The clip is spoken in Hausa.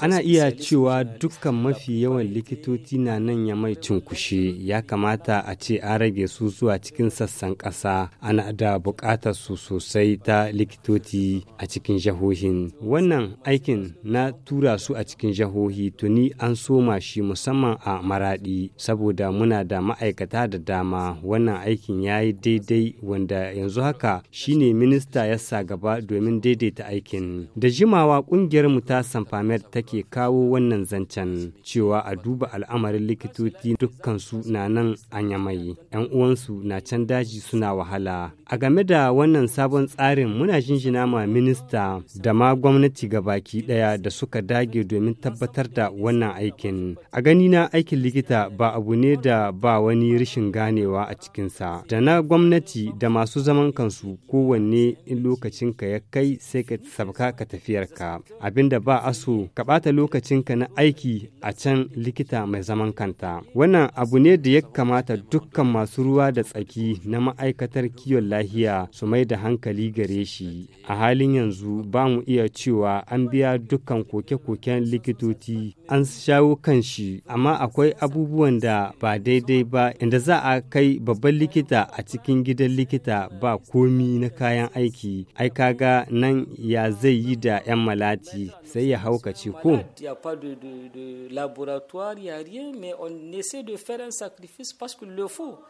Ana iya cewa dukkan mafi yawan likitoci na nan ya mai cunkushe ya kamata a ce an rage su zuwa cikin sassan ƙasa ana da bukatar su sosai ta likitoci a cikin jahohin. Wannan aikin na tura su a cikin jahohi tuni an soma shi musamman a Maradi saboda muna da ma'aikata da dama wannan aikin ya yi daidai wanda yanzu haka shine minista ya sa gaba domin daidaita aikin. Da jimawa ƙungiyarmu ta Sanfamer take kawo wannan zancen cewa a duba al'amarin likitoci dukkansu na nan anya mai, ‘yan uwansu na can daji suna wahala. A game da wannan sabon tsarin muna jinjina ma minista da ma gwamnati baki ɗaya da suka dage domin tabbatar da wannan aikin. A ganina aikin likita ba abu ne da ba wani rashin ganewa a cikinsa. Da na gwamnati da masu zaman kansu kowanne in lokacin ka ya kai sai ka sabka ka tafiyarka abinda ba a so ka ɓata lokacinka na aiki a can likita mai zaman kanta wannan abu ne da ya kamata dukkan masu ruwa da tsaki na ma'aikatar kiwon lahiya su mai da hankali gare shi a halin yanzu ba mu iya cewa an biya dukkan koke-koken likitoci an shawo kan shi amma akwai abubuwan da ba daidai ba inda za a kai babban likita a cikin gidan likita ba komi na kayan aiki ai kaga nan nan ya zai yi da 'yan malati sai ya haukace ko